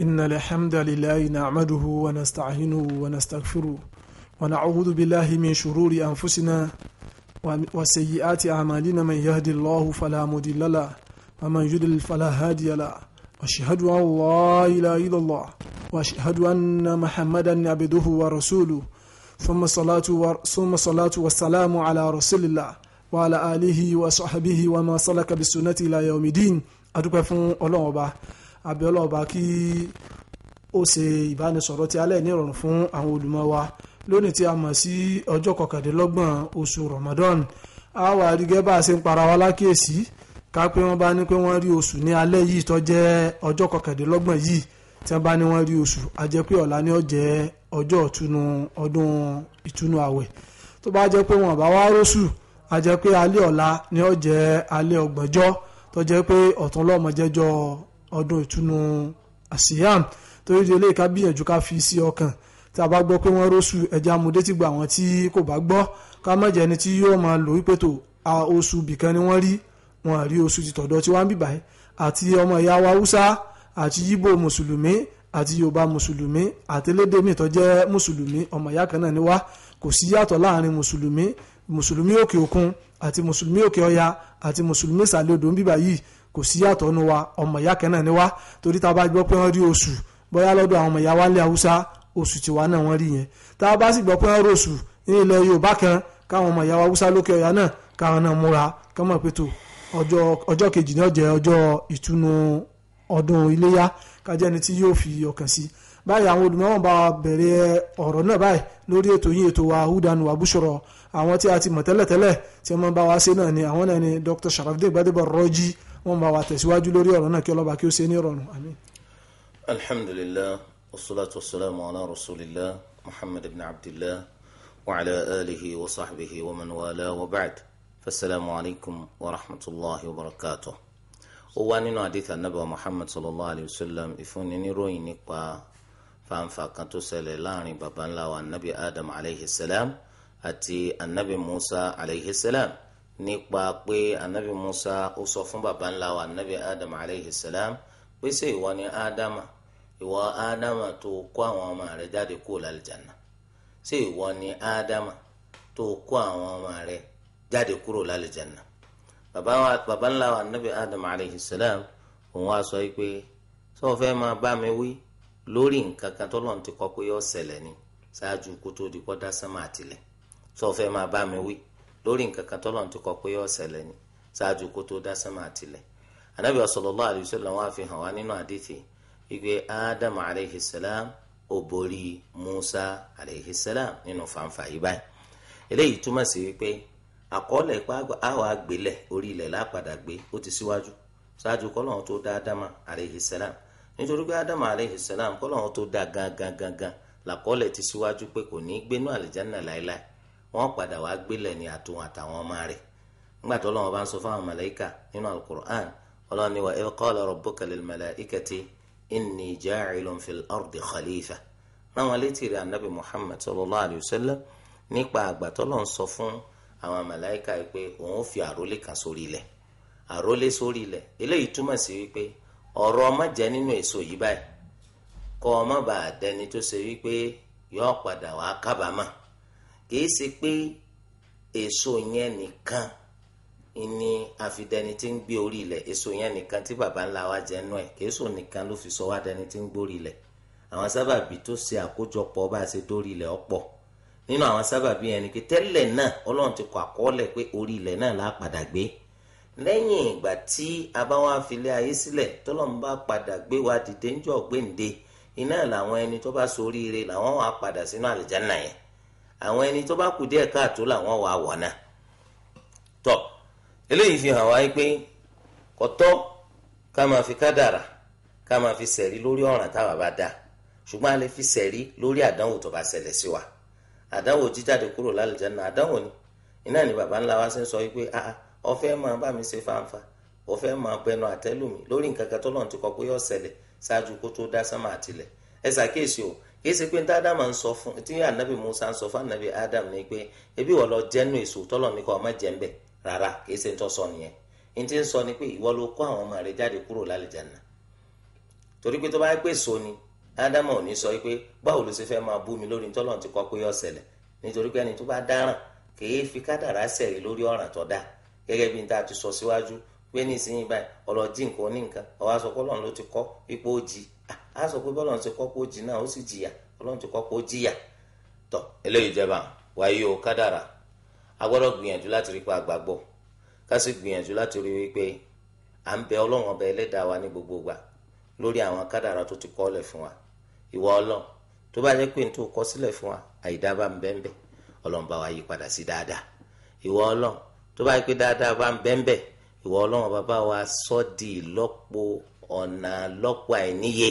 إن الحمد لله نعمده ونستعينه ونستغفره ونعوذ بالله من شرور أنفسنا وسيئات أعمالنا من يهدي الله فلا مضل له ومن يضلل فلا هادي له وأشهد أن لا إله إلا الله وأشهد أن محمدا عبده ورسوله ثم صلاة و... ثم صلاة والسلام على رسول الله وعلى آله وصحبه وما سلك بسنته إلى يوم الدين أدوك فون أولوبا abẹ́ ọlọ́ọ̀ba kí ó ṣe ìbánisọ̀rọ̀ ti alẹ́ ní ìrọ̀rùn fún àwọn olùmọ̀ wa lónìí tí a mọ̀ sí ọjọ́ kọkàndínlọ́gbọ̀n oṣù Ramadan a wà rí gẹ́gẹ́ bá a ṣe ń para wa lákèésí ká pé wọ́n bá ní pé wọ́n rí oṣù ní alẹ́ yìí tó jẹ́ ọjọ́ kọkàndínlọ́gbọ̀n yìí tí wọ́n bá ní wọ́n rí oṣù a jẹ́ pé ọ̀la ni ó jẹ́ ọjọ́ ìtúnu ọdún ìtúnu àwẹ̀ tó bá jẹ́ pé wọ́n bá wá róṣù a jẹ́ pé alẹ́ ọ̀la ni ó jẹ́ alẹ́ ọgbọ̀njọ́ tó jẹ́ pé ọ̀tún lọ́mọ jẹ́jọ́ ọdún ìtúnu àṣìyàm torí di eléyìí ká gbìyànjú ká fi sí ọkàn tí a bá gbọ́ pé wọ́n róṣù ẹja amúdé ti gbà wọ́n tí kò bá gbọ́ ká má jẹ́ ẹni tí yóò máa lò wípé tó oṣù bìkan ni wọ́n rí wọn àrí oṣù ti tọ̀dọ̀ tí wọ́n ń bìbà yìí àti ọmọ ìyá wa haúsá àti yíbò mùsùlùmí àti yorùbá mùsùlùmí àtẹlédè mi tó jẹ́ mùsùlùmí ọmọ ìyá kan náà ni wá kò sí yàtọ̀ láàrin mùsùlùmí mùsùlùmí òkè òkun àti mùsùlùmí òkè ọya àti mùsùlùmí ìsàlẹ̀ odò ń bíbà yìí kò sí yàtọ̀ nu wa ọmọ ìyá kan náà ni wa torí tá a bá gbọ́ pé wọ́n rí oṣù bóyá lọ́dọ̀ àwọn ọmọ ìyá wa lé haúsá oṣù tiwa náà wọ́n rí yẹn tá a bá sì gbọ́ pé wọ́n rí oṣù ní ilẹ̀ yorùbá kan káwọn ọmọ ìyá wa haúsá lókè ọ̀yà náà káwọn náà múra kọ́mọ̀ pé tó ọjọ́ kejì náà jẹ́ ọjọ́ ìtúnu ọdún iléyá kájẹ́ni tí yóò fi ọkàn sí báyìí àwọn olùmọ̀ràn bá bẹ̀rẹ̀ ọ̀rọ̀ náà báyìí lórí ètò yìí ètò wa húdanu àbúṣọrọ àwọn tí a ti mọ̀ tẹ́lẹ̀tẹ́lẹ̀ tí wọ́n bá wa ṣe náà ni àwọn náà ni Dr. Sharafdin Gbadebo rọ́jí wọ́n bá wa tẹ̀síwájú lórí ọ̀rọ̀ náà kí ọlọ́ba kí ó ṣe ní ìrọ̀rùn àmín. alhamdulilah wasalaatu wasalaamu ala rasulillah muhammad ibn abdillah wa ala alihi wa sahbihi wa man wala wa ba'd fasalaamu alaykum wa rahmatulahi wa barakatuh. ó wá nínú àdìtà nàbà muhammad sallallahu alayhi wa sallam ìfúnni níròyìn nípa fanfa kan tó ṣẹlẹ̀ láàrin baba nabi adam alayhi salam àti anabi musa alayhi salam nípa pé anabi musa ó sọ fún baba ńlá wa anabi adam aleyhi salam pé ṣé ìwọ ni ádámà ìwọ ádámà tó kó àwọn ọmọ rẹ jáde kúrò lálìjànà ṣé ìwọ ni ádámà tó kó àwọn ọmọ rẹ jáde kúrò lálìjànà baba ńlá wa anabi adam aleyhi salam òun wá sọ pé sọ fẹ́ máa bá mi wí lórí nǹkan kan t'Ọlọ́run ti kọ pé yóò ṣẹlẹ̀ ni ṣáájú kó tó di kọ́ dá sánmà àtìlẹ̀ sọ fẹ́ máa bá mi wí lórí nǹkan kan tọ́lọ́run ti kọ pé yóò ṣẹlẹ̀ ni ṣáájú kó tó dá sánmà àtìlẹ̀ anabi sallallahu alayhi wa sallam wá fi hàn wá nínú àdìtì wípé ádámù alayhi salam ó borí musa alayhi salam nínú fanfa yìí báyìí eléyìí túmọ̀ sí wípé àkọọ́lẹ̀ ipá àwọn àgbélẹ̀ orí ilẹ̀ lápadà gbé ó ti síwájú ṣáájú kọ́lọ́run tó dá ádámà alayhi salam nítorí pé ádámù alayhi salam kọ́lọ́run tó dá gangan gangan làkọọ́lẹ̀ ti síwájú pé kò ní gbénú àlìjáná láéláé wọ́n padà wá gbélẹ̀ ní àtòun àtàwọn ọmọ rẹ̀ nígbà tó Ọlọ́run bá ń sọ fáwọn màláíkà nínú alukur'an Ọlọ́run ní wa idh qala rabbuka lil malaikati inni ja'ilun fil ardi khalifa ráwọn létí rẹ̀ anabi Muhammad sallallahu alayhi nípa àgbà tó Ọlọ́run sọ fún àwọn màláíkà yìí pé òun fi àrólé kan sórí ilẹ̀ àrólé sórí ilẹ̀ eléyìí túmọ̀ sí wípé ọ̀rọ̀ má jẹ nínú èso yìí báyìí kọ́ ọ má dẹni tó ṣe wípé yọ padà wàá kábàámà kìí ṣe pé èso yẹn nìkan ni àfidẹni tí ń gbé orí ilẹ̀ èso yẹn nìkan tí baba ńlá wa jẹ nú ẹ̀ kìí ṣe nìkan ló fi sọ wá dẹni tí ń gbórí ilẹ̀ àwọn sábàbí tó ṣe àkójọpọ̀ bá a ṣe dórí ilẹ̀ ọ̀pọ̀ nínú àwọn sábàbí yẹn ni pé tẹ́lẹ̀ náà ọlọ́run ti kọ àkọọ́lẹ̀ pé orí ilẹ̀ náà la padà gbé lẹ́yìn ìgbà tí a bá wá filé ayé sílẹ̀ tọ́lọ́run bá padà gbé wa dìde ńjọ́ gbéǹde iná làwọn ẹni tó bá soríire làwọn wà padà sínú àlìjáná yẹn àwọn ẹni tó bá kù díẹ̀ káàtó làwọn wà wọ̀ náà tọ́ eléyìí fi hàn wáyé pé kọ́tọ́ ká máa fi kádàrà ká máa fi sẹ̀rí lórí ọ̀ràn táwa bá dá ṣùgbọ́n a lè fi sẹ̀rí lórí àdánwò tó bá ṣẹlẹ̀ sí wa àdánwò jíjáde kúrò lálùjáná àdánwò ni iná ni bàbá ńlá wa ṣe ń sọ wípé ó fẹ́ máa bá mi ṣe fáńfà ó máa bẹnu àtẹ́lù lórí nǹkan kan tó lọ́n ti kọ pé yóò ṣẹlẹ̀ ṣáájú kó tó dá sánmà àtìlẹ̀ ẹ ṣàkíyèsí o èsì pé dáadáa máa sọ anabi musa ń anabi adam na ikpe ebi wọ́n lọ jẹ́nu èso tọ́lọ̀ ní kó ọmọ jẹ́ ń bẹ̀ esi ntọ sọ nìyẹn ní ti sọ ni pé ìwọ kọ kó àwọn ọmọ rẹ jáde kúrò lálejànà torí pé tó bá pè so ni adam ò ní sọ pé báwo ló ṣe fẹ́ máa bú mi lórí tọ́lọ̀ ti kọ́ pé yọ nítorí pé ẹni tó bá dáràn fi kádàrá sẹ̀rí lórí ọ̀ràn tó gẹ́gẹ́ sọ síwájú pé báyìí nǹkan á sọ pé bọ́lọ̀ ti kọ́kọ́ ó jìnnà ó sì jìyà ọlọ́run ti kọ́kọ́ ó jìyà tọ̀ eléyìí jẹba wáyé o kádàrà a gbọ́dọ̀ gbìyànjú láti rí pa àgbàgbọ́ ká sì gbìyànjú láti rí wípé à ń bẹ ọlọ́run ọba ẹlẹ́dàá wa ní gbogbo gbà lórí àwọn kádàrà tó ti kọ́lẹ̀ fún wa ìwọ ọlọ́run tó bá jẹ́ pé n tó kọ sílẹ̀ fún wa àìdá bá ń bẹ́ẹ̀ ọlọ́run bá wa yí padà sí dáadáa ìwọ ọlọ́run tó bá jẹ́ pé dáadáa bá ń bẹ́ẹ̀ ìwọ ọlọ́run bàbá wa sọ́ di ìlọ́po ọ̀nà lọ́pọ̀ àìníye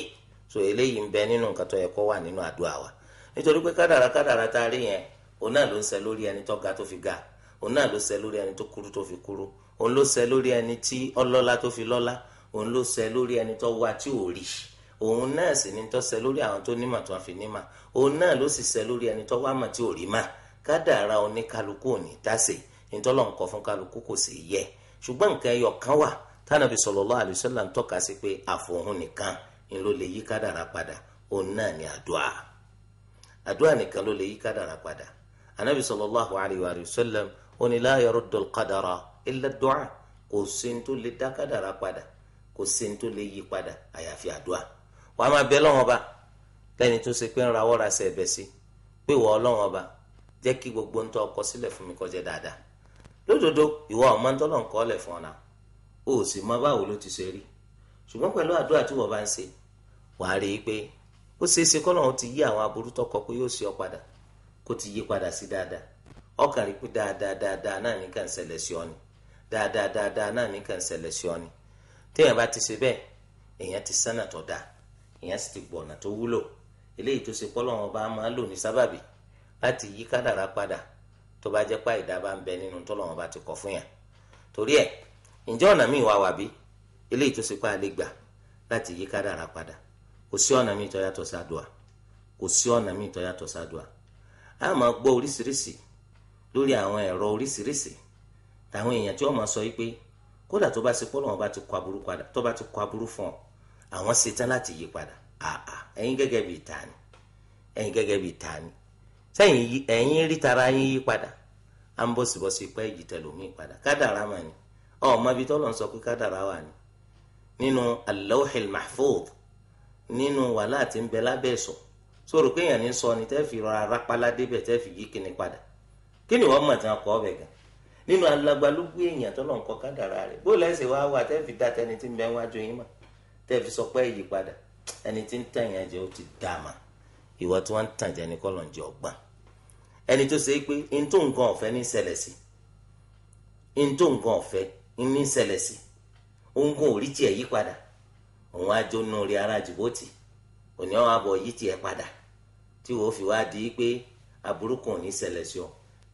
so eléyìí ń bẹ nínú nǹkan tó yẹ kó wà nínú àdúrà wa nítorí pé kádàrà kádàrà tá a rí yẹn òun náà ló ń ṣe lórí ẹni tó ga tó fi ga òun náà ló ṣe lórí ẹni tó kúrú tó fi kúrú òun ló ṣe lórí ẹni tí ọlọ́lá tó fi lọ́lá òun ló ṣe lórí ẹni tó wá tí ò rí òun náà sì ní tó ṣe lórí àwọn tó nímọ̀ tó fi nímọ̀ òun náà ló sì ṣe lórí ẹni tó wá mọ̀ tí ò rí mà kádàrà oníkálukú ò ní tàsé ìtọ́lọ̀ fún kálukú kò sì yẹ ṣùgbọ́n nǹkan ẹyọ kan wà tánàbí sallallahu alaihi wasallam ń tọ́ka sí pé àfọ̀hún nìkan ni ló lè yí kádàrá padà òun náà ni àdúà àdúà nìkan ló lè yí kádàrá padà anabi sallallahu alaihi wasallam ó ní la yaruddul qadara illa ad-du'a kò sí ní tó lè dá kádàrá padà kò sí ní tó lè yí padà àyàfi àdúà wàá máa bẹ lọ́wọ́n ba lẹ́ni tó ṣe pé ń rawọ́ ra ṣe ẹ̀bẹ̀ sí pé wọ́n lọ́wọ́n ba jẹ́ kí gbogbo ń tọ́ ọkọ sílẹ̀ fún mi kó dáadáa lódodo ìwọ ọmọ ń tọ́lọ̀ ń kọ́ lẹ̀ fún ọ náà o sì mọ báwo ló ti ṣe rí ṣùgbọ́n pẹ̀lú àdúrà tí wọ́n bá ń ṣe wàá rí i pé ó ṣeé ṣe kọ́nà ti yí àwọn aburú tọkọ pé yóò ṣe ọ padà kó ti yí padà sí dáadáa ọkàn rí pé dáadáa dáadáa náà ní kàn ṣẹlẹ̀ sí ọ ni dáadáa dáadáa náà ní kàn ti ṣe bẹ́ẹ̀ èèyàn ti sánà tó dáa ti gbọ̀nà tó wúlò eléyìí tó ṣe bá máa lò ní sábàbí láti yí kádàrá padà tó bá jẹ́ pàìdá bá ń bẹ nínú bá ti kọ fún yàn torí ǹjẹ́ ọ̀nà míì wà wà bí eléyìí tó ṣe pé a lè gbà láti yí kádàrá padà kò sí ọ̀nà míì tó yàtọ̀ sáduà kò sí ọ̀nà míì tó yàtọ̀ sáduà a máa gbọ́ oríṣiríṣi lórí àwọn ẹ̀rọ oríṣiríṣi táwọn èèyàn tí wọ́n máa sọ yìí pé kódà tó bá ṣe pọ́ lọ́wọ́ tó bá ti kọ aburú fún ọ àwọn ṣetán láti yí padà ẹ̀yin gẹ́gẹ́ bíi tani ẹ̀yin gẹ́gẹ́ bíi tani sẹ́yìn ẹ̀yin rí tara yín yí padà à ń bọ̀sibọ̀si pẹ́ ìjìtẹ̀lómi padà kádàrá mà ni ọ ibi tọ́lọ̀ sọ pé kádàrá wà ní nínú al-lawhil nínú wàhálà tí ń bẹ lábẹ́ pé èèyàn ní sọ ni tẹ́ rọra rápálá débẹ̀ padà kí ni wọ́n mọ̀ tí wọ́n kọ́ ọbẹ̀ gan nínú èèyàn bó lẹ́sẹ̀ wá wà dá tẹni tí bẹ wájú yín mà sọ pé padà ẹni tí ń tàn yẹn jẹ́ ó ti dà mà ìwọ tí wọ́n ń tàn jẹ́ ni kọ́ lọ́n jẹ́ ọgbọ́n ẹni tó ṣe ní ṣẹlẹ̀ sí ori ò rí tiẹ̀ yí padà ara jìbòtì òní àwọn àbọ̀ yí tiẹ̀ padà tí wọ́n fi wá di pé aburú ò ní ṣẹlẹ̀ sí ọ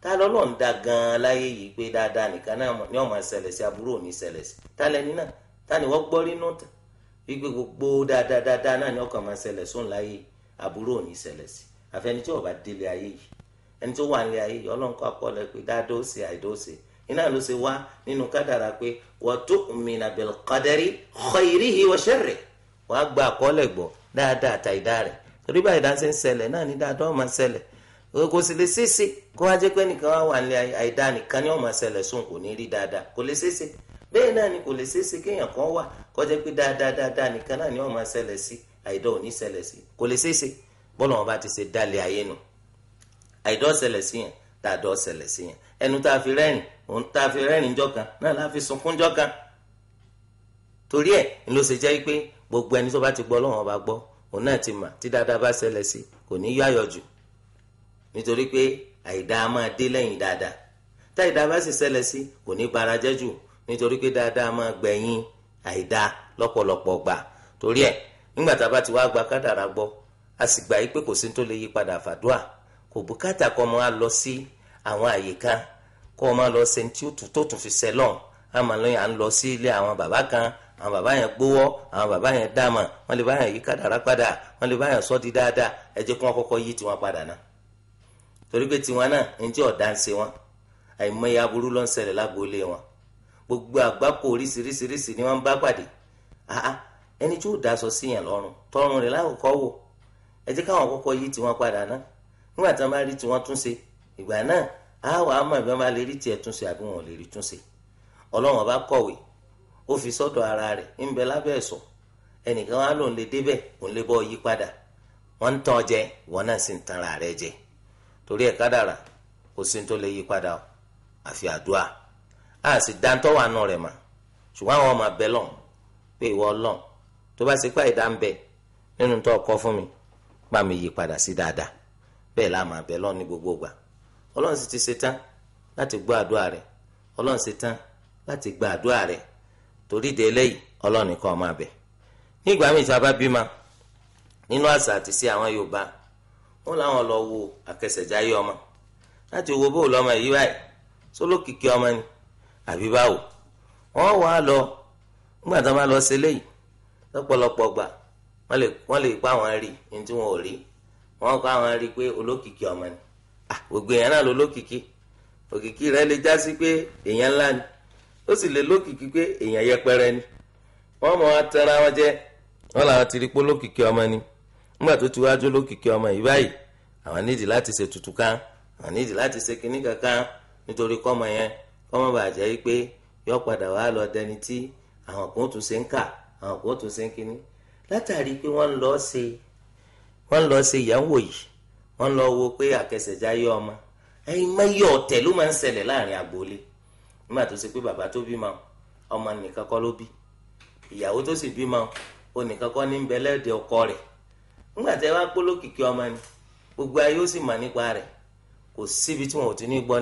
ta lọ́lọ́ ń da gan-an láyé yìí pé dáadáa nìkan náà ni ọmọ ṣẹlẹ̀ sí aburú ò ní ṣẹlẹ̀ sí ta lẹni náà ta ni wọ́n gbọ́ wípé gbogbo dáadáa dáadáa náà ni ọkàn máa ṣẹlẹ̀ sóun láyé aburú ò iná ló ṣe wá nínú kádàrà pé wa tu'mina bil qadari khayrihi wa sharrihi wàá gba àkọọ́lẹ̀ gbọ́ dáadáa àtà ìdá rẹ̀ torí báyìí dáńsẹ́ ń ṣẹlẹ̀ náà ní dáadáa ó máa ṣẹlẹ̀ kò sì lè ṣeéṣe kó wá jẹ́ pé nìkan wá wà ní àìdá nìkan ni ó máa ṣẹlẹ̀ sóun kò ní rí dáadáa kò lè ṣeéṣe bẹ́ẹ̀ náà ni kò lè ṣeéṣe kéèyàn kan wà kó jẹ́ pé dáadáa dáadáa nìkan náà ní ṣẹlẹ̀ ẹnu tá a fi rẹ́rìn òun tá a fi rẹ́rìn jọ́kan náà la fi sunkún jọ́kan torí ẹ̀ ń ló ṣe jẹ́ pé gbogbo ẹni tó bá ti gbọ́ Ọlọ́run ọba gbọ́ òun náà ti mà tí dáadáa bá ṣẹlẹ̀ sí kò ní yọ àyọ̀jù nítorí pé àìdá a máa dé lẹ́yìn dáadáa táìdá bá sì ṣẹlẹ̀ sí kò ní bara jẹ́ jù nítorí pé dáadáa a máa gbẹ̀yìn àìdá lọ́pọ̀lọpọ̀ gbà torí ẹ̀ nígbà tá a bá ti wá gba kádàrá gbọ́ a sì gbà yí pé kò sí tó lè yí padà fàdúà kò bùkátà kọ́ mọ́ a lọ sí àwọn àyè kan kó o máa lọ ṣe ní tí ó tó tún fi ṣẹ lọ́hùn a máa lọ́yìn à ń lọ sí ilé àwọn bàbá kan àwọn bàbá yẹn gbówọ́ àwọn bàbá yẹn dáàmà wọ́n lè bá yẹn yí kádàrá padà wọ́n lè bá yẹn sọ́ di dáadáa ẹ jẹ́ kí wọ́n kọ́kọ́ yí tiwọn padà náà torí pé tiwọn náà ń tí ọ̀dà ń ṣe wọn àìmọye aburú ló ń ṣẹlẹ̀ lágboolé wọn gbogbo àgbákò oríṣiríṣiríṣi ni wọ́n bá pàdé àá ẹni tí ó dá aṣọ sí yẹn lọ́rùn tọrùn rẹ̀ lákòókò wò ẹ jẹ́ káwọn kọ́kọ́ yí tiwọn padà náà nígbà tí wọ́n bá rí tiwọn tún ṣe ìgbà náà a wà á mọ̀ bí wọ́n bá lè rí tiẹ̀ túnṣe àbí wọn ò lè rí túnṣe ọlọ́wọ́n bá kọ̀wé ó fi sọ́dọ̀ ara rẹ̀ ń bẹ lábẹ́ ẹ̀sọ́ ẹnìkan wá lòun lè débẹ̀ òun lè bọ́ yí padà wọ́n ń tàn jẹ wọ́n náà sì ń tan ara rẹ̀ jẹ torí ẹ̀ kádàrà kò sí tó lè yí padà o àfi àdúrà a sì dáńtọ́ wà nù rẹ̀ mà ṣùgbọ́n àwọn ọmọ abẹ lọ́n pé ìwọ lọ́n tó bá ṣe pé àìdá ń bẹ nínú tó kọ́ fún mi pa yí padà sí dáadáa bẹ́ẹ̀ láàmú abẹ lọ́n ní gbogbo gbà ọlọ́run sì ti ṣetán láti gbọ́ àdúrà rẹ̀ ọlọ́run ṣetán láti gba àdúrà rẹ̀ torí de eléyìí ọlọ́run nìkan máa bẹ̀. ní ìgbà míì tí a bá bímọ nínú àṣà àti sí àwọn yorùbá wọn làwọn lọ wo àkẹsẹ̀jáyé ọmọ láti wo bó lọmọ yìí báyìí sólókìkí ọmọ ni àbí báwo wọn wà á lọ nígbà tó bá lọ sí eléyìí lọ́pọ̀lọpọ̀ gbà wọ́n lè pa àwọn rí ní tí wọn ò rí wọ́n kọ́ àwọn rí pé olókìkí ọmọ ni Ah, gbogbo èèyàn náà ló lókìkí òkìkí rẹ lè já sí pé èèyàn ńlá ni ó sì lè lókìkí pé èèyàn yẹpẹrẹ ni wọ́n mọ̀ wá wọn jẹ wọ́n làwọn ti rí pé lókìkí ọmọ ni nígbà tó ti wájú lókìkí ọmọ yìí báyìí àwọn nídìí láti ṣe tutù kan àwọn nídìí láti ṣe kinní kankan nítorí kọmọ yẹn kọ́mọ bàjẹ́ yìí pé yọ padà wá lọ dẹni tí àwọn kan tún ṣe ń kà àwọn kan tún wọ́n ṣe wọ́n lọ wo pé àkẹsẹ̀já yọ ọmọ ẹ̀yin mẹ́yẹ ọ̀tẹ̀ ló máa ń ṣẹlẹ̀ láàrin agboolé nígbà tó ṣe pé bàbá tó bímọ ọmọ nìkan kọ́ ló bí ìyàwó tó sì bímọ o nìkan kọ́ ní ń bẹ lẹ́ẹ̀dẹ̀ ọkọ rẹ̀ nígbà tẹ́ wá pọ́ lókìkí ni gbogbo ayé ó sì mà nípa rẹ̀ kò síbi tí wọn ò ti ní nípa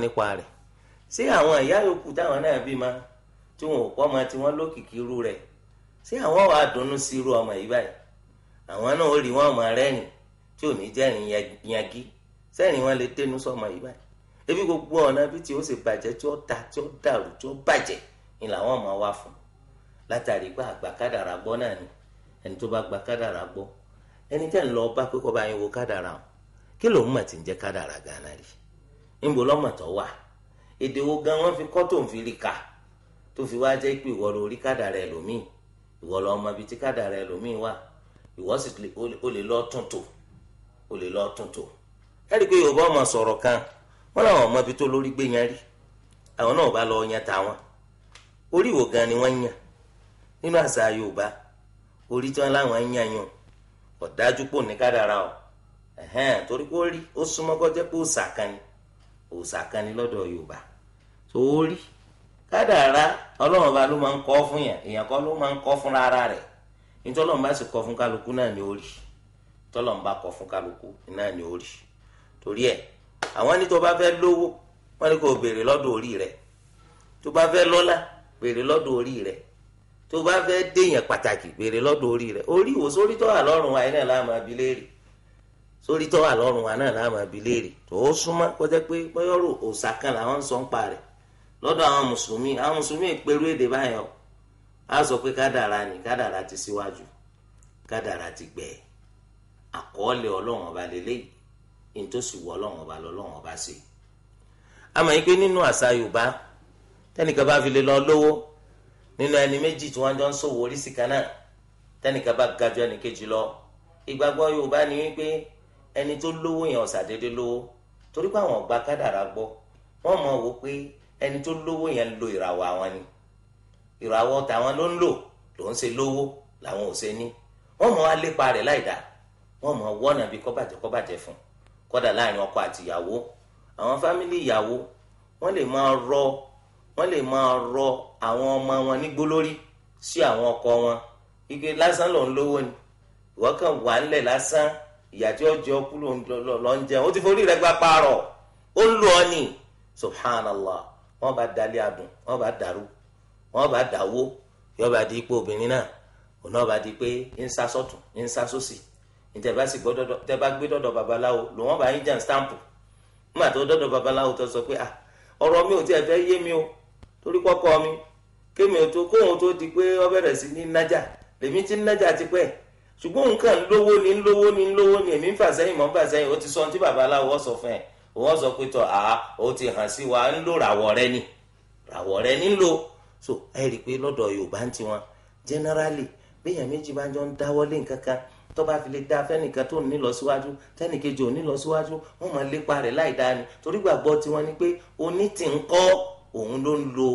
rẹ̀ tí ò ní jẹ́rìn yangí sẹ́rìn wọn lè dénú sọmọ yìí báyìí ebi gbogbo ọ̀nà bí tí ó sì bàjẹ́ tí ó ta tí ó dàrú tí ó bàjẹ́ ni làwọn ọmọ wa fún látàrí pé àgbà kádàrà gbọ́ náà ni ẹni tó bá gba kádàrà gbọ́ ẹni tẹ́ ń lọ bá pé kó bá yín wo kádàrà o kí lòun mà ti ń jẹ́ kádàrà gánà rí níbo lọ́mọ̀ tó wà èdè wo gan wọ́n fi kọ́ tó ń fi rí ka tó fi wá jẹ́ pé ìwọ lórí kádàrà ẹlòmíì ìwọ lọ́mọ bíi ti kádàrà ẹlòmíì wà ìwọ sì lè lọ tuntun olèlọ ọtụtụ ẹ̀rí pé yorùbá ọmọ sọ̀rọ̀ kan wọn na ọmọ ibi to lori gbé yẹn rí àwọn náà bá wo gan ni n'inu ń yoruba ori tí wọ́n láwọn ń yàn yàn ọ̀dájú pò ní kádàrá o ẹ̀hẹ́n torí pé ó rí ó súnmọ́ pé kan ni òòṣà kan ni lọ́dọ̀ tó ọlọ́run ló máa ń kọ́ fún èèyàn ló máa ń kọ́ fún rárá rẹ̀ nítorí ọlọ́run tọ́lọ́run bá kọ fún kálukú náà ni ó rí torí ẹ̀ àwọn ní tó bá fẹ́ lówó wọ́n ní kó béèrè lọ́dọ̀ orí rẹ̀ tó bá fẹ́ lọ́lá béèrè lọ́dọ̀ orí rẹ̀ tó bá fẹ́ déèyàn pàtàkì béèrè lọ́dọ̀ orí rẹ̀ orí wò sórí tó wà lọ́rùn wa náà láàmú abiléèrè sórí tó wà lọ́rùn wa náà láàmú abiléèrè tó ó súnmọ́ pé bọ́yọ̀rò òòṣà kan làwọn ń sọ ń pa rẹ̀ lọ́dọ̀ àwọn mùsùlùmí àwọn mùsùlùmí ìpẹ̀rú èdè báyọ̀ á sọ pé kádàrà ni kádàrà ti síwájú kádàrà ti gbẹ̀ẹ́ àkọọ́lẹ̀ ọlọ́run ọba lélẹ́yìí ní tó sì wọ ọlọ́run ọba lọ́lọ́run ọba sí i. àmọ́ yìí pé nínú àṣà yorùbá tẹ́nìkan bá fi lè lọ lówó nínú ẹni méjì tí wọ́n jọ ń ṣòwò oríṣi kan náà tẹ́nìkan bá ga ju ẹnìkejì lọ ìgbàgbọ́ yorùbá ni wípé ẹni tó lówó yẹn ọ̀sàdédé lówó torí pé àwọn ọ̀gbá kádàrá gbọ́ wọ́n mọ̀ wò pé ẹni tó lówó yẹn lo ìràwọ̀ àwọn ni ìràwọ̀ tàwọn ló ń lò ló ṣe lówó làwọn ò ṣe ní wọ́n mọ̀ á lépa rẹ̀ láì wọ́n mọ̀ wọ́nà bí kọ́bàjẹ́ kọ́bàjẹ́ fún kọ́dà láàrin ọkọ àti ìyàwó àwọn fámìlì ìyàwó wọ́n lè máa rọ wọ́n lè máa rọ àwọn ọmọ wọn ní gbólórí sí àwọn ọkọ wọn ike lásán lòun lówó ni ìwọ kàn wà ńlẹ̀ lásán ìyà tí ó jẹ ọkú ló ń jẹun ó ti forí rẹ gba paarọ̀ ó ń lò ọ ní subhanallah wọ́n bá dalẹ̀ adùn wọ́n bá dàrú wọ́n bá dàwó yọba di ipò obìnrin náà òun náà bá di pé ń sá sọ́tún ń sá sósì ìtẹ̀bá sì gbọ́ dọ́dọ̀ tẹ́bá gbé dọ́dọ̀ babaláwo lòun ọba yín jàn stamp nígbà tó dọ́dọ̀ babaláwo tó sọ pé à ah, ọ̀rọ̀ mi ò tiẹ̀ fẹ́ yé mi o torí kọ́kọ́ mi kémi ò tó kóhun tó di pé ó bẹ̀rẹ̀ sí ní nájà lèmi ti nájà ti ṣùgbọ́n nǹkan ń lówó ni ń lówó ni ń lówó ni èmi ń fà sẹ́yìn mọ́ ń fà sẹ́yìn ó ti sọ tí babaláwo sọ fún ẹ̀ òun sọ pé tọ́ àá ó ti hàn sí wa ń ràwọ̀ rẹ ni ràwọ̀ rẹ ni ń so ẹ rí i pé lọ́dọ̀ Yorùbá ń tiwọn generally béèyàn méjì bá jọ ń dáwọ́lé nǹkan kan tó bá fi lè dá fẹ́nìkan tó ní lọ síwájú tẹ́nìkejì ò ní lọ síwájú wọ́n máa lépa rẹ̀ láì dáa ni torí gbàgbọ́ tiwọn ni pé onítìǹkọ́ òun ló ń lo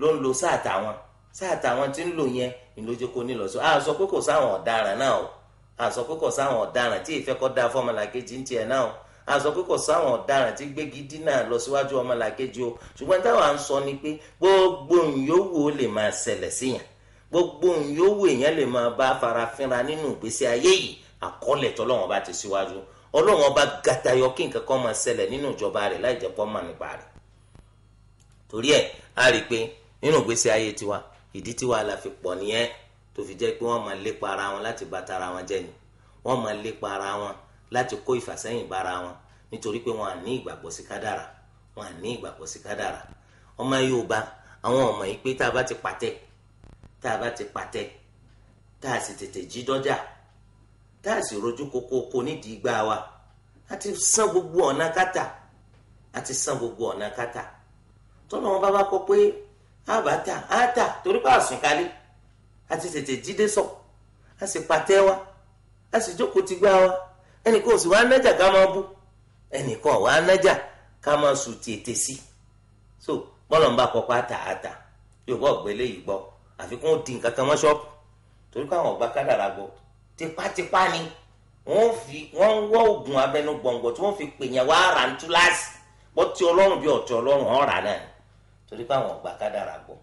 ló ń lo sáà táwọn sáà táwọn ti ń lò yẹn ìlójú kò ní lọ sí. a sọ pé kò sáwọn ọ̀daràn náà o a sọ pé kò sáwọn ọ̀daràn tí ìfẹ́ kọ́ da fọ́mọlàkejì ń tiẹ̀ náà o a sọ pé kò sáwọn ọ̀daràn tí gbégi dínà lọ síwájú ọmọlàkejì o ṣùgbọ́n táwa ń sọ ni pé gbogbo òun lè máa ṣẹlẹ̀ síyàn gbogbo yòówù èèyàn lè máa bá farafinra nínú ìgbésí ayé yìí àkọọ́lẹ̀ tọ́lọ́wọ́n bá ti síwájú ọlọ́wọ́n bá gàtayọ kí nǹkan kan máa ṣẹlẹ̀ nínú ìjọba rẹ̀ láì jẹ́ pọ́ mà nípa rẹ̀ torí ẹ̀ a rí i pé nínú ìgbésí ayé tiwa ìdí tiwa la fi pọ̀ nìyẹn tó fi jẹ́ pé wọ́n máa lépa ara wọn láti bá tara wọn jẹ́ ni wọ́n máa lépa ara wọn láti kó ìfàsẹ́yìn bára wọn nítorí pé wọn à ní ìgbàgbọ́ sí kádàrà wọn à ní ìgbàgbọ́ sí kádàrà ọmọ Yorùbá àwọn ọmọ yìí pé tá a bá ti pàtẹ́ tá ti sì tètè jí dọjà tá sì rojú kókó oko nídìí wa a ti san gbogbo ọ̀nà kátà a ti san gbogbo ọ̀nà kátà tọ́lọ́ wọn bá bá kọ pé a bá tà a tà torí pé àsùn kálí a ti tètè jí sọ a sì wa a sì jókòó ti wa ẹnìkan ò sì wá nájà ká máa bú ẹnìkan wá nájà ká máa sùn sí so bọ́lọ̀ ń bá kọ́kọ́ yóò bọ́ ọ̀gbẹ́lẹ́ yìí àfikún ó di nǹkan kan mọ́ ṣọ́ọ̀bù torí pé àwọn ọ̀gbá kádàrà gbọ́ tipátipá ni wọ́n fi wọ́n ń wọ́ oògùn abẹnú gbọ̀ngbọ̀ tí wọ́n fi pè yẹn wá rà ń tú láàsì bọ́ ti ọlọ́run bí ọ̀tí ọlọ́run ọ̀rà náà ni torí pé àwọn ọ̀gbá kádàrà gbọ́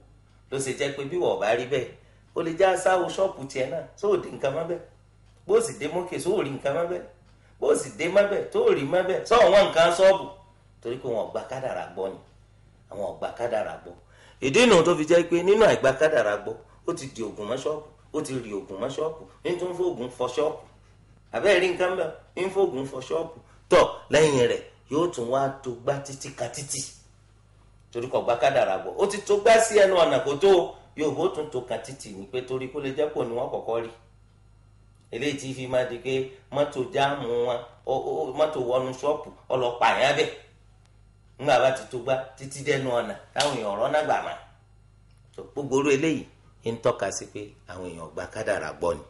ló ṣe jẹ́ pé bí wọ́n bá rí bẹ́ẹ̀ ó lè já sáwo ṣọ́ọ̀bù tiẹ̀ náà tó ò di nǹkan mọ́ bẹ́ẹ̀ bó sì dé mókè tó ò rí nǹkan mọ́ bẹ́ẹ̀ bó sì dé mọ́ bẹ́ẹ̀ tó ò rí mọ́ bẹ́ẹ̀ sọ àwọn nǹkan ṣọ́ọ̀bù torí pé wọn ọ̀gbá kádàrà gbọ́ ni àwọn ọ̀gbá kádàrà gbọ́ ìdí ìnù tó fi jẹ́ pé nínú àìgbà kádàrà gbọ́ ó ti di oògùn mọ́ ṣọ́ọ̀bù ó ti rí oògùn mọ́ ṣọ́ọ̀bù nítorí fóògùn fọ ṣọ́ọ̀bù àbẹ́rẹ́ rí nǹkan bẹ́ẹ̀ ń fóògùn fọ ṣọ́ọ̀bù tọ̀ lẹ́yìn rẹ̀ yóò tún wá tó gbá títí ka títì torí kò gbá kádàrà gbọ́ ó ti tó gbá sí ẹnu ọ̀nà kó tó yóò tún tó ka títì ní pé torí kó lè jẹ́ pò ní wọ́n kọ̀kọ́ rí eléyìí tí fi máa di pé mọ́tò jáàmù wọn mọ́tò wọnú ṣọ́ọ̀bù ọlọ́pàá yẹn bẹ́ẹ̀ ńgbà bá ti tó gbá títí dẹnu ọ̀nà táwọn èèyàn ọ̀rọ̀ náà gbà má gbogbo orú eléyìí ń tọ́ka sí pé àwọn èèyàn gba kádàrà gbọ́ ni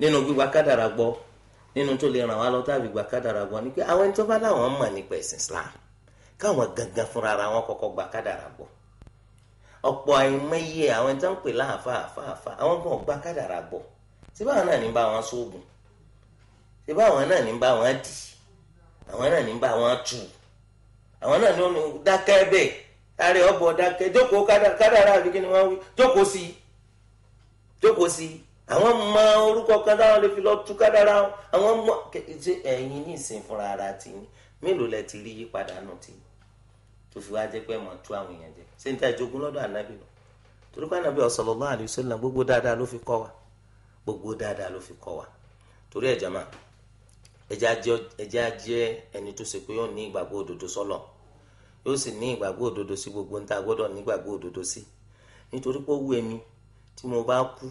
nínú gbígba kádàrà gbọ́ nínú tó lè ràn wá lọ tàbí gba kádàrà gbọ́ ni pé àwọn ẹni tó bá láwọn mọ̀ nípa ẹ̀sìn Islam káwọn gangan fúnra ara wọn kọ́kọ́ gba kádàrà gbọ́ ọ̀pọ̀ àìmọye àwọn ẹni tó ń pè láàfáàfáàfá àwọn kan gba kádàrà gbọ́ síbáwọn àwọn náà ló dákẹ́ bẹ́ẹ̀ kárí ọ̀bọ̀ dákẹ́ jókòó kádàrá àbí kí ni wọ́n wí jókòó sí jókòó sí àwọn mọ orúkọ kádàrá lè fi lọ tú kádàrá àwọn mọ ní ìsìn fúnra ara ti ní mélòó lẹ ti rí yípadà nù ti tó fi wá pé tú àwọn èèyàn jẹ ṣé n ta ìjogún gbogbo dáadáa ló gbogbo dáadáa ló torí ẹni tó ṣe pé yóò ní ìgbàgbọ́ sọlọ. yóò sì ní ìgbàgbọ́ òdodo sí gbogbo ń ta gbọ́dọ̀ nígbàgbọ́ òdodo sí nítorí pé ó wù èmi tí mo bá kú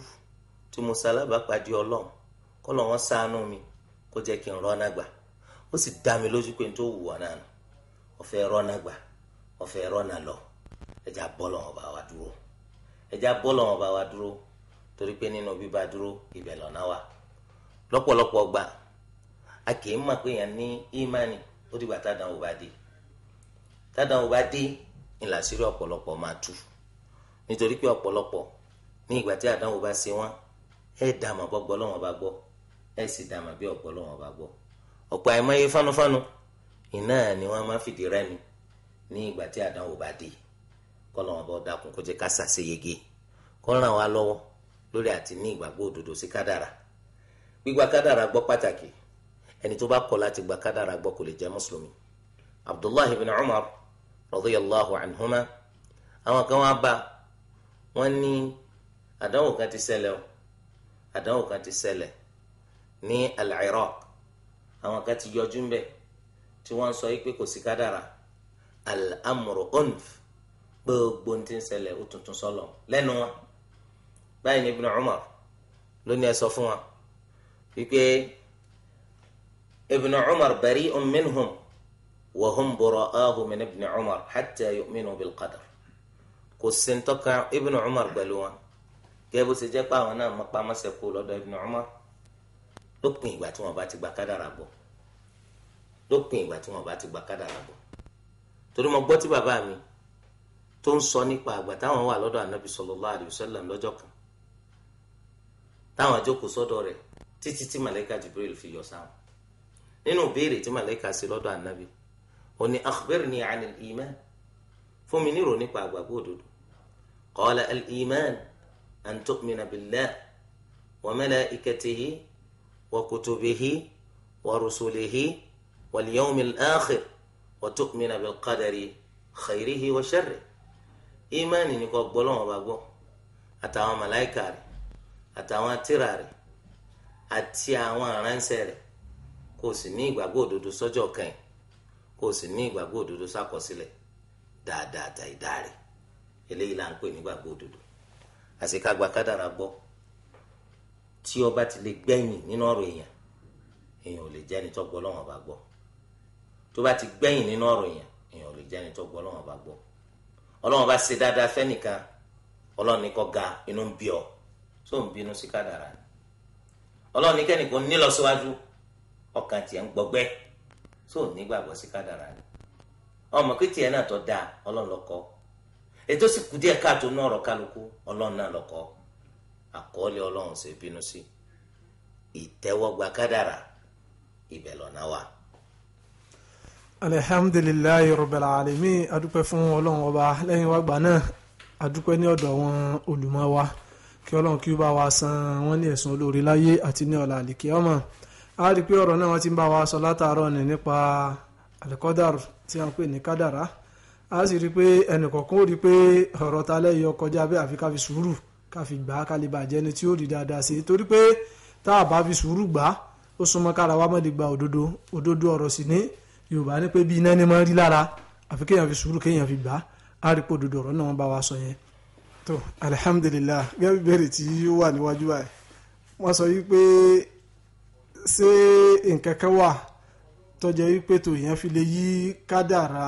tí mo ṣalábàápàdé ọlọ́run kọ́lọ̀ wọn ṣàánú mi kó jẹ́ kí n rọ́nà gbà ó sì dá mi lójú pé n tó wù wọ́n nù ọ̀fẹ́ rọ́nà gbà ọ̀fẹ́ rọ́nà lọ ẹja wọn bá wa a kì í mọ̀ pé ní ímánì ó dìgbà tá tádàn ò bá dé ìlàsírí ọ̀pọ̀lọpọ̀ máa tú nítorí pé ọ̀pọ̀lọpọ̀ ní ìgbà tí àdánwò bá ṣe wọ́n ẹ dààmú bọ́ gbọ́ lọ́wọ́n bá gbọ́ ẹ sì dààmú bí ọ̀gbọ́ lọ́wọ́n bá gbọ́ ọ̀pọ̀ àìmọye fánufánu iná ni wọ́n máa fìdí rẹ́mi ní ìgbà tí àdánwò bá dé kọ́ lọ́wọ́n bá dákun kó jẹ́ ká ṣàṣe yege kó ràn wá lọ́wọ́ lórí àti ní ìgbàgbọ́ òdodo sí kádàrà gbígba kádàrà gbọ́ pàtàkì ẹni tó bá kọ̀ láti gba kádàrà gbọ́ kò lè jẹ́ mùsùlùmí Abdullahi ibn Umar radiyallahu anhuma àwọn kan wá bá wọn ní àdánwò kan ti ṣẹlẹ̀ o àdánwò kan ti ṣẹlẹ̀ ní al-Iraq àwọn kan ti yọjú ń bẹ tí wọ́n sọ pé kò sí kádàrà al-amru unf gbogbo ń ti ń ó tuntun sọlọ lẹ́nu wọn báyìí ní Ibn Umar lónìí ẹ sọ fún wa wípé Ibn Umar bari'un minhum wa hum bura'ahu min ibn umar hatta yu'minu bil qadar kò sí ntọ́ka ibn umar pẹ̀lú wọn gẹ́gẹ́ bó ṣe jẹ́ pé àwọn náà mọ pamọ́sẹ̀ kú lọ́dọ̀ ibn umar lópin ìgbà tí wọn bá ti gba kádàrà gbọ́ lópin ìgbà tí wọn bá ti gba kádàrà gbọ́ torí mo gbọ́ tí bàbá mi tó ń sọ nípa àgbà táwọn wà lọ́dọ̀ anabi sallallahu alayhi wa sallam lọ́jọ́ kan táwọn àjókòó sọ́dọ̀ rẹ̀ títí tí màlẹ́kà jibril fi yọ sáwọn nínú ìbéèrè tí màlẹ́kà sí lọ́dọ̀ anabi ó ní akhbirni ani al-iman fún mi nírò nípa àgbàgbọ́ òdodo qala al-iman an tu'mina billah wa malaikatihi wa kutubihi wa rusulihi wal yawmil akhir wa tu'mina bil qadari khayrihi wa sharri iman ni kó gbọ́ lọ́wọ́ bá àtàwọn màláìka rẹ̀ àtàwọn tírà rẹ̀ àti àwọn aránṣẹ́ rẹ̀ kò sì ní ìgbàgbọ́ òdodo sọ́jọ́ kẹ́yìn kó o sì ní ìgbàgbọ́ òdodo sákọsílẹ̀ dáadáa ta ìdáre eléyìí là ń pè nígbàgbọ́ òdodo àṣekágbá kádàrà gbọ́ tí ọba ti lè gbẹ̀yìn nínú ọ̀rọ̀ èèyàn èèyàn ò lè jẹ́ni tó gbọ́ lọ́wọ́n bá gbọ́ tó bá ti gbẹ̀yìn nínú ọ̀rọ̀ èèyàn èèyàn ò lè jẹ́ni tó gbọ́ lọ́wọ́n bá gbọ́ ọlọ́wọ́n bá ṣe dáadáa fẹ́nìkan ọlọ́ọ̀ni kọ́ ga inú ń bí ọ tó ń bínú sí kádàrà ọlọ́ọ̀ni kẹ́nìkan nílọ ọkàn tiẹ̀ ń gbọgbẹ́ so ò nígbàgbọ́ sí kádàrá ni ọmọ kìtì ẹ̀ náà tó dáa ọlọ́run lọ́kọ́ ètò sì kù díẹ̀ káàtó náà ọ̀rọ̀ kálukú ọlọ́run náà lọ́kọ́ àkọọ́lẹ̀ ọlọ́run ṣe bínú sí ìtẹ́wọ́gba kádàrá ibẹ̀ lọ́nà wà. alihamdulilayi rabbil alamin adúpẹ́ fún ọlọ́run ọba lẹ́yìn wàgbà náà adúpẹ́ ní ọ̀dọ̀ àwọn olùmọ̀ wa kí ọlọ́run kí ó bá wa san wọ́n ní ẹ̀sùn olóore láyé àti ní ọ̀la àlìkíyàmọ̀ a rí i pé ọ̀rọ̀ náà wọ́n ti ń bá wa sọ látàárọ̀ ni nípa alikọ́dàrú tí wọ́n pè ní kádàrá a sì rí i pé ẹnìkọ̀ọ̀kan ó rí i pé ọ̀rọ̀ ta lẹ́yìn ọkọjá bẹ́ẹ̀ àfi ká fi sùúrù ká fi gbà á ká lè bàjẹ́ ni tí ó rí dáadáa sí i torí pé tá a bá fi sùúrù gbà á ó súnmọ́ kára wa mọ̀lẹ́ gba òdodo òdodo ọ̀rọ̀ sì ní Yorùbá ní pé bí iná ni máa ń rí lára àfi kéèyàn fi sùúrù kéèyàn fi gbà á rí i pé òdodo ọ̀rọ̀ náà wọ́n bá wa sọ yẹn. tó alhamdulillah gẹ́gẹ́ bí bẹ́ẹ̀rẹ̀ tí ó wà níwájú báyìí wọ́n sọ yìí pé ṣé nǹkan kan wà tó jẹ́ wípé tó èèyàn fi lè yí kádàrà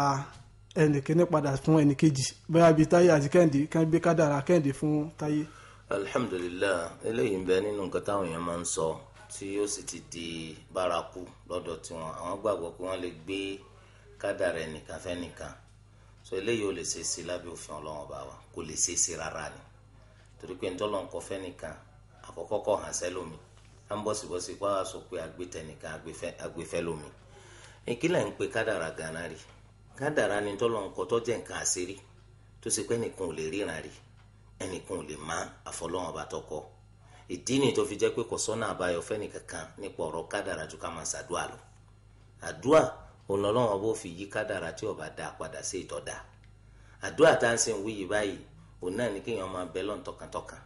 ẹnìkíní padà fún ẹnìkejì bóyá bíi táyé àti kẹ́hìndé kan gbé kádàrà kẹ́hìndé fún táyé. alhamdulillah eléyìí ń bẹ nínú nǹkan táwọn èèyàn máa ń sọ tí ó sì ti di bárakú lọ́dọ̀ tiwọn àwọn gbàgbọ́ pé wọ́n lè gbé kádàrà ẹnìkan fẹ́nìkan so eléyìí ò lè ṣe é sí lábẹ́ òfin ọlọ́run ọba wa kò lè ṣe é sí rárá ni torí pé ntọ́lọ́nkọ fẹ́nìkan àkọ́kọ́ kọ̀ hàn sẹ́lómi à ń bọ̀sibọ̀si pa wá sọ pé àgbẹ̀tẹ̀nìkan àgbẹ̀fẹ́ lómi ìkílẹ̀ ń pe kádàrà gánà rí kádàrà ni tọ́lọ̀ ń kọ́ tọ́jẹ́ nǹkan àṣírí tó ṣe pé ẹnìkan ò lè ríran rí ẹnìkan ò lè má àfọlọ́wọn bá tọkọ ìdí ni tó fi jẹ́ pé kò sọ́nà àbáyọ fẹ́ni kankan nípa ọ̀rọ̀ kádàrà ju ká máa ṣàdúà lọ àdúà òun bó fi yí kádàrà tí ó bá padà sí ìtọ́da àdúà tá à ń sìn wíyì báyìí òun náà ni kéèyàn máa bẹ lọ́n tọkàntọkàn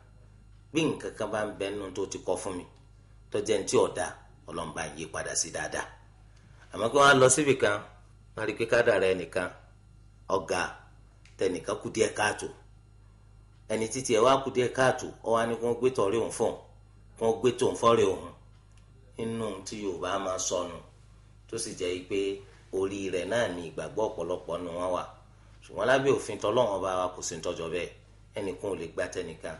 bí nǹkan kan bá ń bẹ nínú tó ti kọ́ fún mi tọ́jà ẹni tí ọ̀dà ọlọ́mọba yí padà sí dáadáa àmọ́ kí wọ́n á lọ síbì kan wọ́n á rí i pé kádàrá ẹnìkan ọ̀gá tẹnìkan kú díẹ̀ káàtó ẹni títí ẹ̀ wá kú díẹ̀ káàtó ọ wá ní kí wọ́n gbé tọ̀rí òun fún kí wọ́n gbé tòun fọ́rí òun inú tí Yorùbá máa sọnù tó sì jẹ́ pé orí rẹ̀ náà ní ìgbàgbọ́ ọ̀pọ̀lọpọ̀ nù wọ́n wà ṣùgbọ́n lábẹ́ òfin tọ́lọ́wọ́n bá wa kò sí ń tọ́jọ́ bẹ́ẹ̀ ẹnìkan ò lè gbá tẹnìkan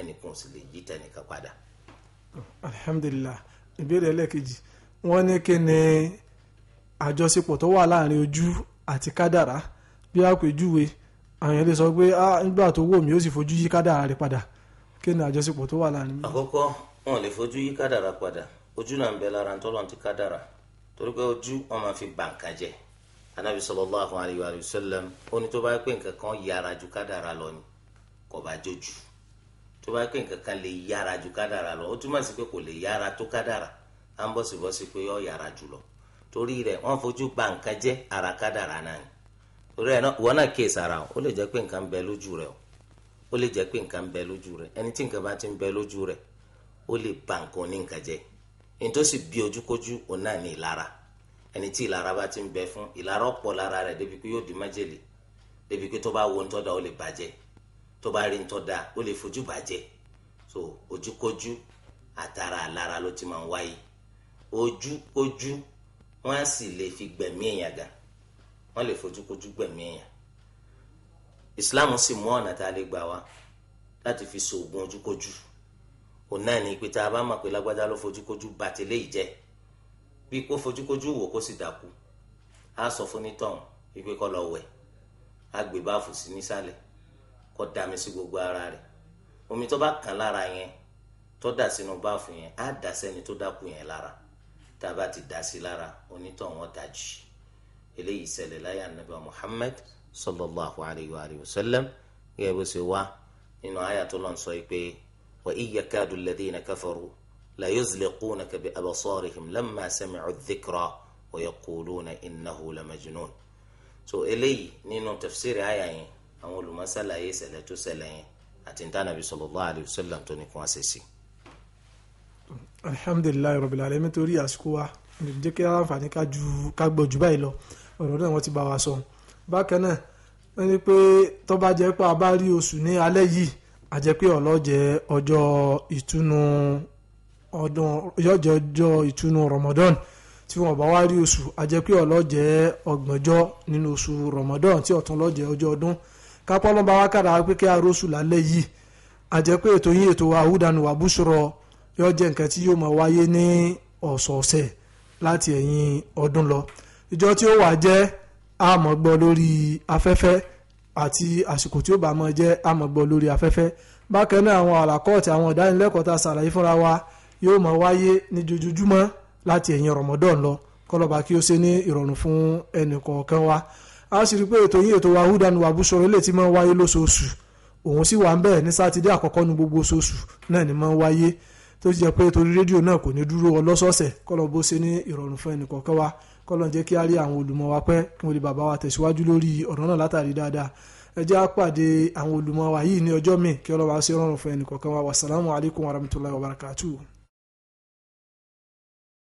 ẹnìkan ò sì lè yí tẹnìkan padà alhamdulillah ìbéèrè ẹlẹ́kejì wọ́n ní kí ni àjọṣepọ̀ tó wà láàrin ojú àti kádàrá bí àpèjúwe àwọn èèyàn lè sọ pé ah, nígbà tó wò mí ó sì fojú yí kádàrá rẹ padà kí ni àjọṣepọ̀ tó wà láàrin. àkọ́kọ́ wọn ò lè fojú yí kádàrá padà ojú náà ń bẹ lára ń tọ́lọ́ ti kádàrá torí pé ojú wọn máa fi bàǹkà jẹ anabi sallallahu alayhi wa sallam ó ní tó bá yẹ pé nǹkan kan yára ju kádàrá lọ ni kò bá jójú tó bá pé lè yára ju kádàrà lọ ó túmọ̀ sí pé kò lè yára tó kádàrà á ń pé yọ yára jù lọ torí rẹ̀ wọ́n fojú nǹkan jẹ́ ara kádàrà náà ni torí ẹ̀ wọ́n náà sára o ó lè jẹ́ pé nǹkan bẹ lójú rẹ̀ ó lè ti ń bẹ lójú rẹ̀ ó lè ba nǹkan ní nǹkan jẹ́ tó sì ti ń bẹ fún ìlara ọ̀pọ̀ lára rẹ̀ débi pé yóò di májèlé débi pé tó bá da ó lè bàjẹ́ tó bá rí nǹkan da ó lè fojú bàjẹ́ so ojúkójú àtàrà àlára ló ti máa ń wáyé ojúkójú wọ́n á sì lè fi gbẹ̀mí èèyàn ga wọ́n lè fojúkójú gbẹ̀mí èèyàn Islam sì mú ọ̀nà tá a lè gbà wá láti fi ṣoògùn ojúkójú òun náà ní pé tá a bá mọ̀ pé lágbájá ló fojúkójú bà tẹ́lẹ̀ yìí bí kò fojúkójú wò kó sì dákú á sọ fún nítọ̀hún wípé kó lọ wẹ̀ á gbé báàfù sí nísàlẹ̀ kó dami sí gbogbo ara rẹ̀ omi tó bá kàn lára yẹn tó dà sínú báàfù yẹn á dà sẹ́ni tó dàkú yẹn lára tá a bá ti dà sí lára onítọ̀ wọn dàjì eléyìí ṣẹlẹ̀ láyé anabi Muhammad sallallahu alayhi wa alihi wa sallam gẹ́gẹ́ bó ṣe wá nínú àyà tó lọ́n sọ pé wa iyyakadu alladhina kafaru la yuzliqunaka bi abasarihim lamma sami'u adh-dhikra wa yaquluna innahu la majnun so eléyìí nínú tafsiri àyà yẹn àwọn olùmọ̀sálàyé ìṣẹ̀lẹ̀ tó ṣẹlẹ̀ yẹn àti ní tànàbí sallallahu alaihi wasallam tó ní kí wọ́n ṣe sí. alhamdulilayi rabbil alamin torí àsìkò wa jẹ́ kí aláǹfààní ká gbọ́ jù báyìí lọ ọ̀rọ̀ náà wọ́n ti bá wa sọ bákan náà wọ́n ní pé tó bá pé a bá rí oṣù ní alẹ́ yìí a jẹ́ pé ọlọ́jẹ́ ọjọ́ ìtúnu ọdún yọjẹ́ ọjọ́ ìtúnu Ramadan tí wọn bá wá rí oṣù a jẹ́ pé ọlọ́jẹ́ ọgbọ̀njọ́ nínú oṣù Ramadan tí ọ̀tún lọ́jẹ́ ọjọ́ ọdún kápọ́lọ́ba wákàrà pé kí a rọ́ṣù lálẹ́ yìí àjẹ́ pé ètò yín ètò àwùdánù àbúṣọrọ̀ yóò jẹ́ nǹkan tí yóò máa wáyé ní ọ̀sọ̀ọ̀sẹ̀ láti ẹ̀yìn ọdún lọ ìjọ tí ó wà jẹ́ àmọ̀gbọ́ lórí afẹ́fẹ́ àti àsìkò tí ó bá máa jẹ́ àmọ̀gbọ́ lórí afẹ́fẹ́ bákan náà àwọn àlàkọ́ọ̀tì àwọn ìdánilẹ́kọ̀ọ́ tá a ṣàlàyé fúnra wa yóò máa wáyé ní jojoojúmọ́ láti ẹ̀yìn rọ̀mọ́dọ́n lọ kọ́lọ́ba kí ó ṣe ní ìrọ̀rùn fún ẹnì wa a sì rí i pé ètò yín ètò wàhúdà ní wàbúsọ̀rọ̀ lè ti máa ń wáyé lóṣooṣù òun sì wà ń bẹ̀ ní sátidé àkọ́kọ́ ní gbogbo oṣooṣù náà ni máa ń wáyé tó ti jẹ́ pé torí rédíò náà kò ní dúró ọlọ́sọ̀ọ̀sẹ̀ kọ́lọ̀ bó ṣe ní ìrọ̀rùn fún ẹnìkọ̀ọ̀kan wa kọ́lọ̀ jẹ́ kí á rí àwọn olùmọ̀ wa pẹ́ kí wọ́n lè bàbá wa tẹ̀síwájú lórí ọ̀rọ̀ náà látàrí dáadáa ẹ jẹ́ á pàdé àwọn olùmọ̀ wa yìí ní ọjọ́ míì kí ọlọ́wà ṣe rọrùn fún ẹnìkọ̀ọ̀kan wa wàsálàmù alaykum wa rahmatulahi wa barakatuhu.